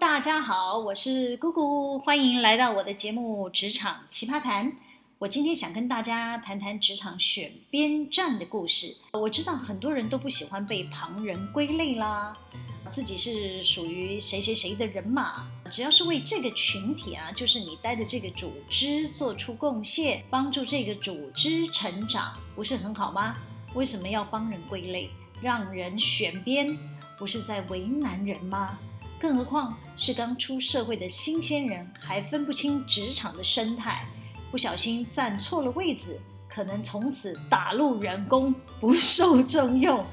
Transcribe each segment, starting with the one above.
大家好，我是 Gugu，歡迎來到我的節目《職場奇葩談》。我今天想跟大家談談職場選邊站的故事。我知道很多人都不喜歡被旁人歸類啦，自己是屬於誰誰誰的人馬。只要是為這個群體啊，就是你待的這個組織做出貢獻，幫助這個組織成長，不是很好嗎？為什麼要幫人歸類，讓人選邊，不是在為難人嗎？更何況是剛出社會的新鮮人，還分不清職場的生態，不小心站錯了位置，可能從此打入冷宮，不受重用，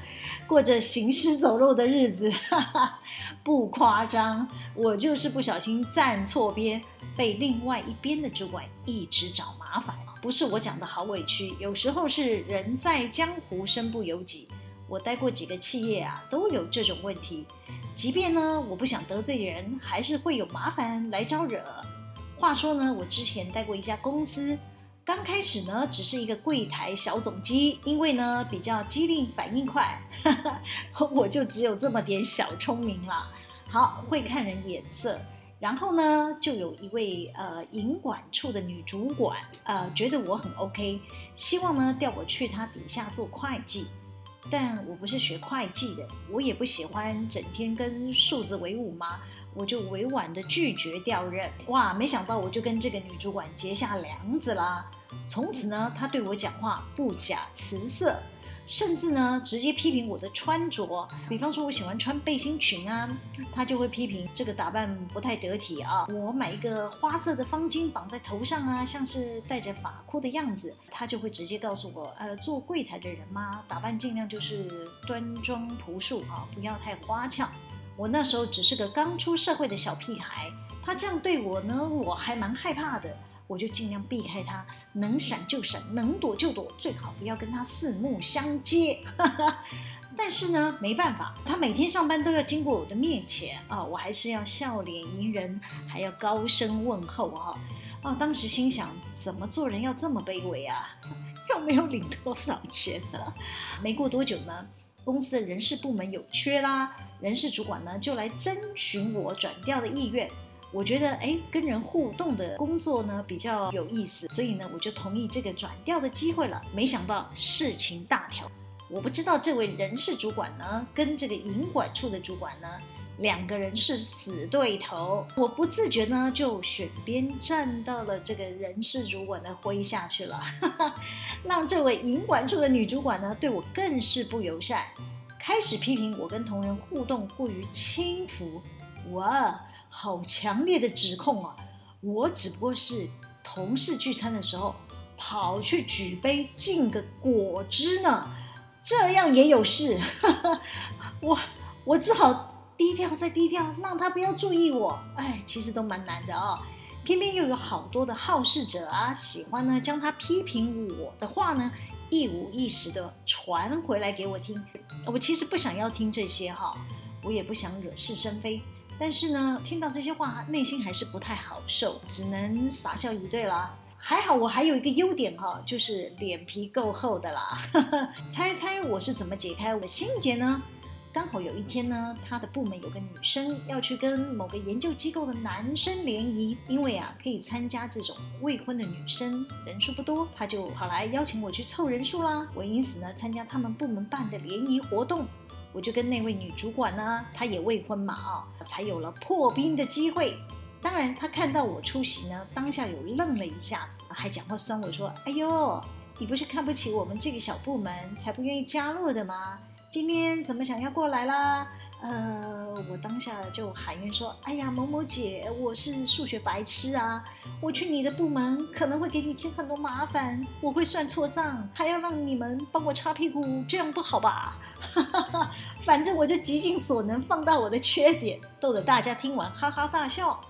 過着行屍走肉的日子哈哈。不誇張，我就是不小心站錯邊，被另外一邊的主管一直找麻煩。不是我講的好委屈，有時候是人在江湖，身不由己。我待過幾個企業啊，都有這種問題。即便呢，我不想得罪人，還是會有麻煩來招惹。話說呢，我之前待過一家公司，剛開始呢，只是一個櫃台小總機，因為呢比較機靈，反應快， 我就只有這麼點小聰明了。好，會看人眼色。然後呢，就有一位呃營管處的女主管，呃，覺得我很 OK，希望呢調我去她底下做會計。但我不是學會計的，我也不喜歡整天跟數字為伍嘛，我就委婉的拒絕調任。哇，沒想到我就跟這個女主管結下梁子啦。從此呢，她對我講話不假辭色。甚至呢，直接批評我的穿着，比方說我喜歡穿背心裙啊，他就會批評這個打扮不太得體啊。我買一個花色的方巾綁在頭上啊，像是戴着髮箍的樣子，他就會直接告訴我，呃，做櫃檯的人嘛，打扮盡量就是端莊樸素啊，不要太花俏。我那時候只是個剛出社會的小屁孩，他這樣對我呢，我還蠻害怕的。我就盡量避開他，能閃就閃，能躲就躲，最好不要跟他四目相接。 但是呢，沒辦法，他每天上班都要經過我的面前啊、哦，我還是要笑臉迎人，還要高聲問候啊、哦。啊、哦，當時心想，怎麼做人要這麼卑微啊？又 沒有領多少錢呢、啊。沒過多久呢，公司的人事部門有缺啦，人事主管呢就來徵詢我轉調的意願。我覺得哎，跟人互動的工作呢，比較有意思，所以呢我就同意這個轉調的機會了。沒想到事情大條，我不知道這位人事主管呢跟這個營管處的主管呢兩個人是死對頭，我不自覺呢就選邊站到了這個人事主管的麾下去了，哈哈，讓這位營管處的女主管呢對我更是不友善，開始批評我跟同仁互動過於輕浮，哇！好強烈的指控啊！我只不過是同事聚餐的時候跑去舉杯敬個果汁呢，這樣也有事？呵呵，我我只好低調再低調，讓他不要注意我。哎，其實都蠻難的哦。偏偏又有好多的好事者啊，喜歡呢將他批評我的話呢一五一十的傳回來給我聽。我其實不想要聽這些哈、哦，我也不想惹是生非。但是呢，聽到這些話，內心還是不太好受，只能傻笑以對啦。還好我還有一個優點哈，就是臉皮夠厚的啦。 猜猜我是怎麼解開我的心結呢？剛好有一天呢，他的部門有個女生要去跟某個研究機構的男生聯誼，因為啊可以參加這種未婚的女生人數不多，他就跑來邀請我去湊人數啦。我因此呢參加他們部門辦的聯誼活動。我就跟那位女主管呢，啊，她也未婚嘛，哦，啊，才有了破冰的機會。當然，她看到我出席呢，當下有愣了一下子，還講話酸我說：“哎呦，你不是看不起我們這個小部門，才不願意加入的嗎？今天怎麼想要過來啦？”呃，我當下就喊冤說：“哎呀，某某姐，我是數學白痴啊！我去你的部門可能會給你添很多麻煩，我會算錯賬，還要讓你們幫我擦屁股，這樣不好吧？”哈哈哈，反正我就極盡所能放大我的缺點，逗得大家聽完哈哈大笑。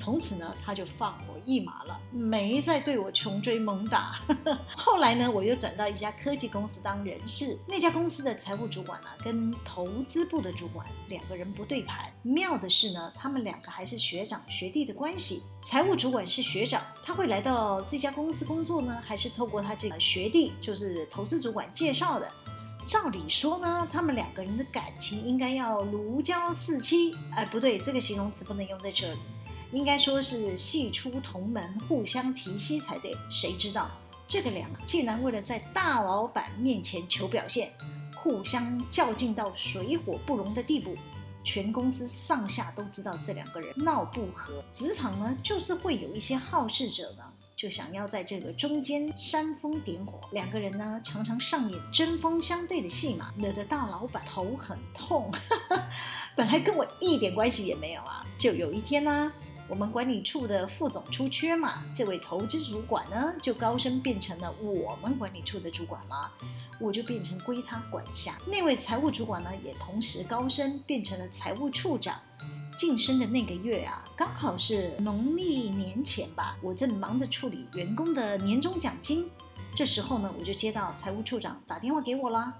從此呢，他就放我一馬了，沒再對我窮追猛打。呵呵，後來呢，我又轉到一家科技公司當人事。那家公司的財務主管呢、啊，跟投資部的主管兩個人不對盤。妙的是呢，他們兩個還是學長學弟的關係。財務主管是學長，他會來到這家公司工作呢，還是透過他這個學弟，就是投資主管介紹的。照理說呢，他們兩個人的感情應該要如膠似漆。哎、呃，不對，這個形容詞不能用在這裡。應該說是系出同門，互相提攜才對。誰知道這個倆，竟然為了在大老闆面前求表現，互相較勁到水火不容的地步。全公司上下都知道這兩個人鬧不和。職場呢，就是會有一些好事者呢，就想要在這個中間煽風點火，兩個人呢常常上演針鋒相對的戲碼，惹得大老闆頭很痛。呵呵，本來跟我一點關係也沒有啊，就有一天呢、啊。我們管理處的副總出缺嘛，這位投資主管呢就高升，變成了我們管理處的主管了，我就變成歸他管轄。那位財務主管呢也同時高升，變成了財務處長。晉升的那個月啊，剛好是農曆年前吧，我正忙着處理員工的年終獎金，這時候呢，我就接到財務處長打電話給我了。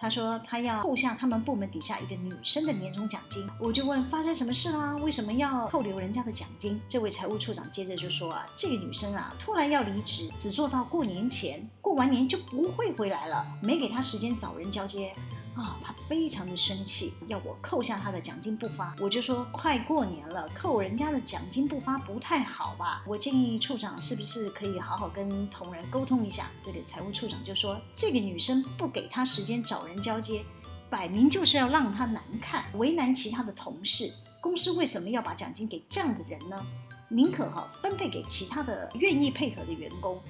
他說他要扣下他們部門底下一個女生的年終獎金，我就問，發生什麼事啦、啊？為什麼要扣留人家的獎金？這位財務處長接着就說啊，這個女生啊，突然要離職，只做到過年前，過完年就不會回來了，沒給她時間找人交接。啊、哦，他非常的生氣，要我扣下他的獎金不發。我就說，快過年了，扣人家的獎金不發不太好吧？我建議處長是不是可以好好跟同仁溝通一下？這個財務處長就說，這個女生不給她時間找人交接，擺明就是要讓她難看，為難其他的同事。公司為什麼要把獎金給這樣的人呢？寧可哈、哦、分配給其他的願意配合的員工。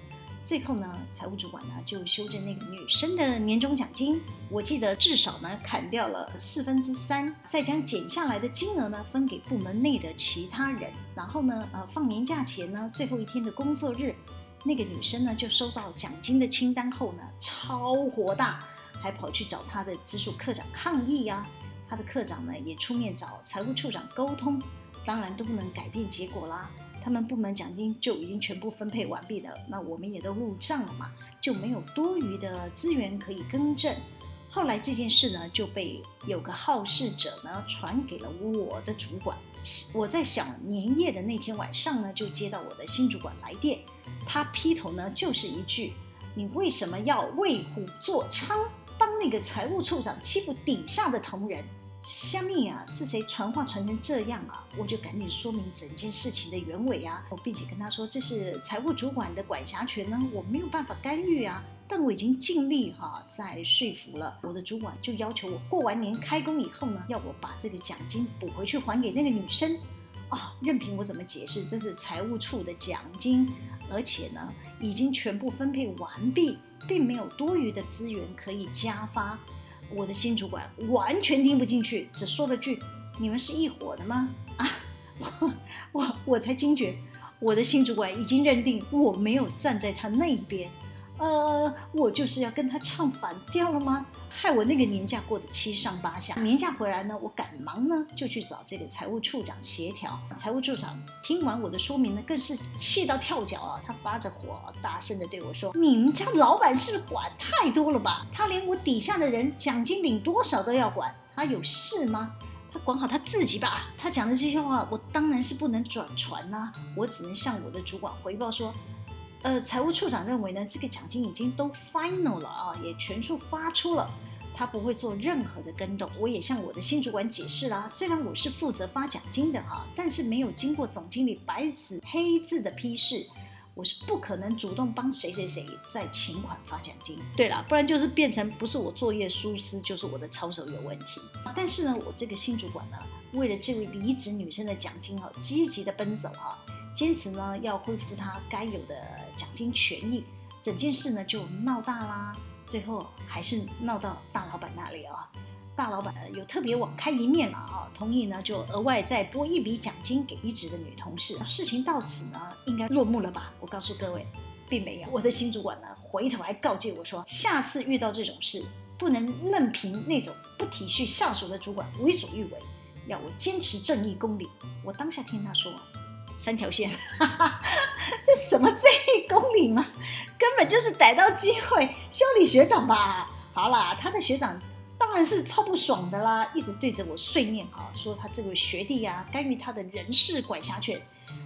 最後呢，財務主管呢、啊、就修正那個女生的年終獎金，我記得至少呢砍掉了四分之三，再將減下來的金額呢分給部門內的其他人。然後呢，呃，放年假前呢，最後一天的工作日，那個女生呢就收到獎金的清單後呢，超火大，還跑去找她的直屬科長抗議呀。她的科長呢也出面找財務處長溝通，當然都不能改變結果啦。他們部門獎金就已經全部分配完畢了，那我們也都入賬了嘛，就沒有多餘的資源可以更正。後來這件事呢，就被有個好事者呢傳給了我的主管。我在小年夜的那天晚上呢，就接到我的新主管來電，他劈頭呢就是一句：“你為什麼要為虎作倀，幫那個財務處長欺負底下的同仁？”香蜜啊，是誰傳話傳成這樣啊？我就趕緊說明整件事情的原委啊，我並且跟他說，這是財務主管的管轄權呢，我沒有辦法干預啊。但我已經盡力哈、啊，在說服了我的主管，就要求我過完年開工以後呢，要我把這個獎金補回去還給那個女生。啊、哦，任憑我怎麼解釋，這是財務處的獎金，而且呢，已經全部分配完畢，並沒有多餘的資源可以加發。我的新主管完全聽不進去，只說了句：“你們是一夥的嗎？”啊，我我我才驚覺，我的新主管已經認定我沒有站在他那一邊。呃，我就是要跟他唱反調了嗎？害我那個年假過得七上八下。年假回來呢，我趕忙呢就去找這個財務處長協調。財務處長聽完我的說明呢，更是氣到跳腳啊！他發着火，大聲的對我說：“你們家老闆是不是管太多了吧？他連我底下的人獎金領多少都要管，他有事嗎？他管好他自己吧！”他講的這些話，我當然是不能轉傳吶、啊，我只能向我的主管回報說。呃，財務處長認為呢，這個獎金已經都 final 了啊，也全數發出了，他不會做任何的更動。我也向我的新主管解釋啦，雖然我是負責發獎金的哈，但是沒有經過總經理白紙黑字的批示，我是不可能主動幫誰誰誰再請款發獎金。對啦。不然就是變成不是我作業疏失，就是我的操守有問題。但是呢，我這個新主管呢、啊，為了這位離職女生的獎金哈、啊，積極的奔走哈、啊。堅持呢，要恢復他該有的獎金權益，整件事呢就鬧大啦，最後還是鬧到大老板那裡啊。大老板有特別網開一面了啊，同意呢就額外再撥一筆獎金給離職的女同事。事情到此呢，應該落幕了吧？我告訴各位，並沒有。我的新主管呢，回頭還告誡我說，下次遇到這種事，不能任憑那種不體恤下屬的主管為所欲為，要我堅持正義公理。我當下聽他說三條線哈，哈這什麼這一公理嗎？根本就是逮到機會修理學長吧。好啦，他的學長當然是超不爽的啦，一直對着我碎念啊，說他這個學弟啊干預他的人事管轄權，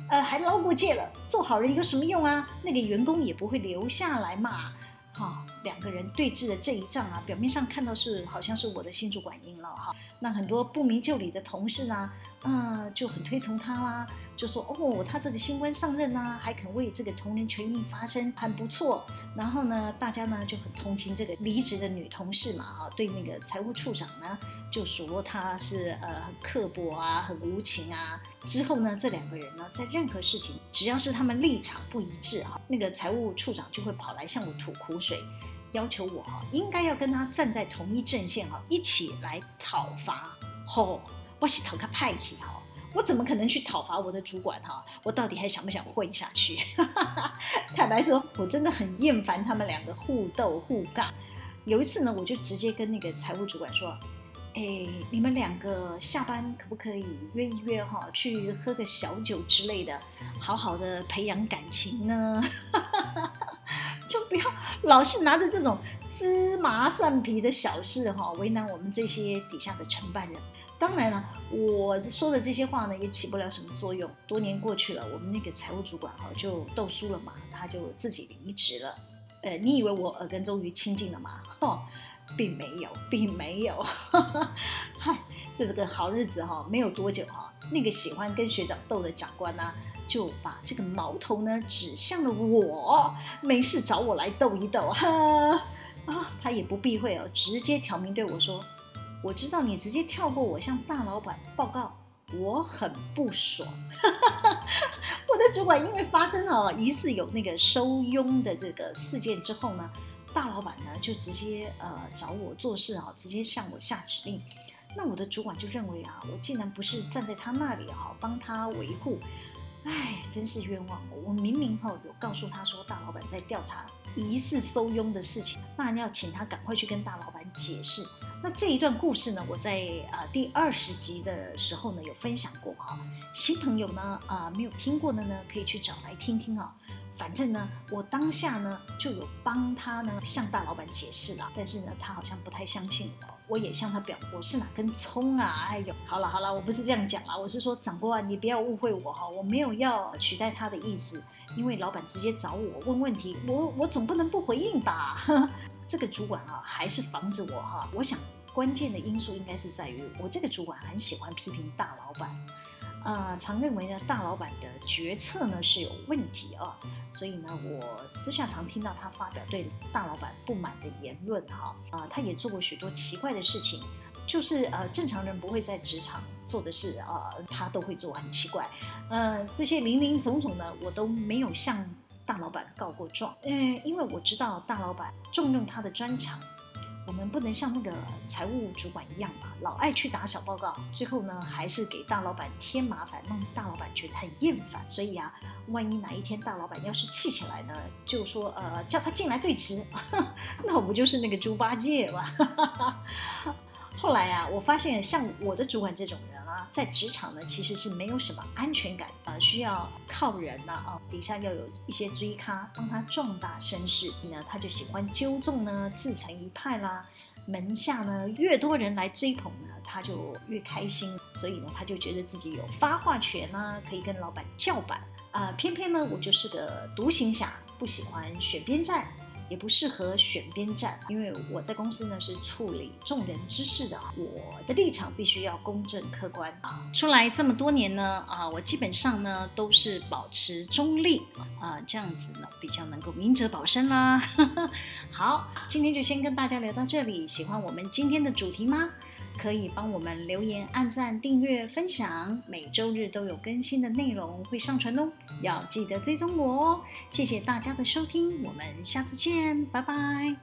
呃還撈過界了，做好人有什麼用啊？那個員工也不會留下來嘛。哈、哦，兩個人對峙的這一仗啊，表面上看到是好像是我的心主管贏了哈，那很多不明就裡的同事呢？嗯、就很推崇他啦，就說哦，他這個新官上任吶、啊，還肯為這個同仁權益發聲，還不錯。然後呢，大家呢就很同情這個離職的女同事嘛，哈，對那個財務處長呢就數落他是呃很刻薄啊，很無情啊。之後呢，這兩個人呢在任何事情只要是他們立場不一致啊，那個財務處長就會跑來向我吐苦水，要求我哈應該要跟他站在同一陣線啊，一起來討伐，吼、哦。我去討個派系哈！我怎麼可能去討伐我的主管哈？我到底還想不想混下去？ 坦白說，我真的很厭煩他們兩個互鬥互尬，有一次呢，我就直接跟那個財務主管說：“哎、欸，你們兩個下班可不可以約一約哈，去喝個小酒之類的，好好的培養感情呢？ 就不要老是拿着這種芝麻蒜皮的小事哈，為難我們這些底下的承辦人。”當然了、啊，我說的這些話呢，也起不了什麼作用。多年過去了，我們那個財務主管哈、啊、就鬥輸了嘛，他就自己離職了。呃，你以為我耳根終於清淨了嗎？哈、哦，並沒有，並沒有。嗨，這是個好日子哈、啊，沒有多久哈、啊，那個喜歡跟學長鬥的長官呢、啊，就把這個矛頭呢指向了我，沒事找我來鬥一鬥哈。啊、哦，他也不避諱哦，直接挑明對我說。我知道你直接跳過我向大老闆報告，我很不爽。 我的主管因為發生了疑似有那個收佣的這個事件之後呢，大老闆呢就直接呃找我做事啊，直接向我下指令。那我的主管就認為啊，我竟然不是站在他那裡幫他維護。哎，真是冤枉！我明明、哦、有告訴他說，大老板在調查疑似收佣的事情，那要請他趕快去跟大老板解釋。那這一段故事呢，我在啊、呃、第二十集的時候呢有分享過哈、哦，新朋友呢啊、呃、沒有聽過的呢，可以去找來聽聽啊、哦。反正呢，我當下呢就有幫他呢向大老板解釋了，但是呢，他好像不太相信我。我也向他表，我是哪根蔥啊！哎呦，好了好了，我不是這樣講啊。我是說，長官啊，你不要誤會我哈，我沒有要取代他的意思，因為老板直接找我問問題，我我總不能不回應吧？呵呵。這個主管啊，還是防着我哈啊。我想關鍵的因素應該是在於我這個主管很喜歡批評大老板。呃，常認為呢，大老闆的決策呢是有問題啊、哦，所以呢，我私下常聽到他發表對大老闆不滿的言論哈、哦。啊、呃，他也做過許多奇怪的事情，就是呃，正常人不會在職場做的事啊、呃，他都會做，很奇怪。呃，這些零零總總呢，我都沒有向大老闆告過狀，嗯，因為我知道大老闆重用他的專長。我們不能像那個財務主管一樣吧，老愛去打小報告，最後呢還是給大老闆添麻煩，讓大老闆覺得很厭煩。所以啊，萬一哪一天大老闆要是氣起來呢，就說呃叫他進來對質，那我不就是那個豬八戒嗎？後來呀、啊，我發現像我的主管這種人。在職場呢，其實是沒有什麼安全感啊、呃，需要靠人呢啊、哦，底下要有一些追咖幫他壯大聲勢。那他就喜歡糾眾呢，自成一派啦，門下呢越多人來追捧呢，他就越開心。所以呢，他就覺得自己有發話權呢、啊，可以跟老闆叫板啊、呃。偏偏呢，我就是個獨行俠，不喜歡選邊站。也不適合選邊站，因為我在公司呢是處理眾人之事的，我的立場必須要公正客觀啊！出來這麼多年呢，啊，我基本上呢都是保持中立啊，這樣子呢比較能夠明哲保身啦。 好，今天就先跟大家聊到這裡，喜歡我們今天的主題嗎？可以幫我們留言、按讚、訂閱、分享，每周日都有更新的內容會上傳哦，要記得追蹤我哦。謝謝大家的收聽，我們下次見，拜拜。